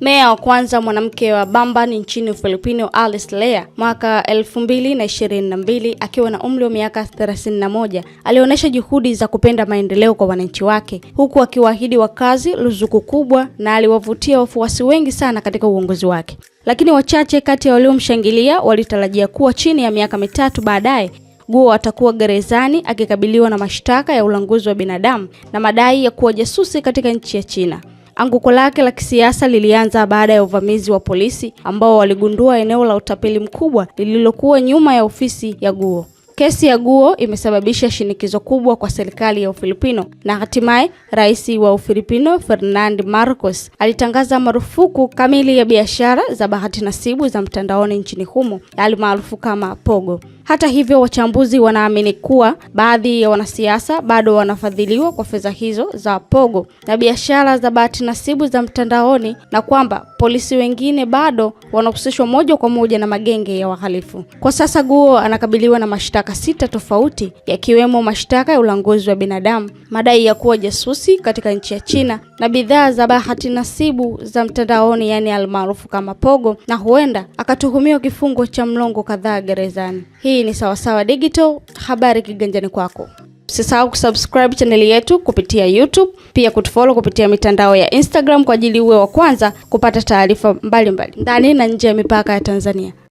Meya wa kwanza mwanamke wa Bamban nchini Ufilipino, Alice Lea, mwaka 2022 akiwa na umri wa miaka 31, alionyesha juhudi za kupenda maendeleo kwa wananchi wake, huku akiwaahidi wakazi ruzuku kubwa, na aliwavutia wafuasi wengi sana katika uongozi wake. Lakini wachache kati ya waliomshangilia walitarajia kuwa chini ya miaka mitatu baadaye Guo atakuwa gerezani akikabiliwa na mashtaka ya ulanguzi wa binadamu na madai ya kuwa jasusi katika nchi ya China. Anguko lake la kisiasa lilianza baada ya uvamizi wa polisi ambao waligundua eneo la utapeli mkubwa lililokuwa nyuma ya ofisi ya Guo. Kesi ya Guo imesababisha shinikizo kubwa kwa serikali ya Ufilipino na hatimaye rais wa Ufilipino Ferdinand Marcos alitangaza marufuku kamili ya biashara za bahati nasibu za mtandaoni nchini humo almaarufu yaani kama Pogo. Hata hivyo, wachambuzi wanaamini kuwa baadhi ya wanasiasa bado wanafadhiliwa kwa fedha hizo za Pogo na biashara za bahati nasibu za mtandaoni na kwamba polisi wengine bado wanahusishwa moja kwa moja na magenge ya wahalifu. Kwa sasa Guo anakabiliwa na mashtaka mashtaka sita tofauti yakiwemo mashtaka ya ulanguzi wa binadamu, madai ya kuwa jasusi katika nchi ya China na bidhaa za bahati nasibu za mtandaoni, yani almaarufu kama pogo, na huenda akatuhumiwa kifungo cha mlongo kadhaa gerezani. Hii ni Sawasawa Digital, habari kiganjani kwako. Usisahau kusubscribe chaneli yetu kupitia YouTube, pia kutufollow kupitia mitandao ya Instagram kwa ajili uwe wa kwanza kupata taarifa mbalimbali ndani na nje ya mipaka ya Tanzania.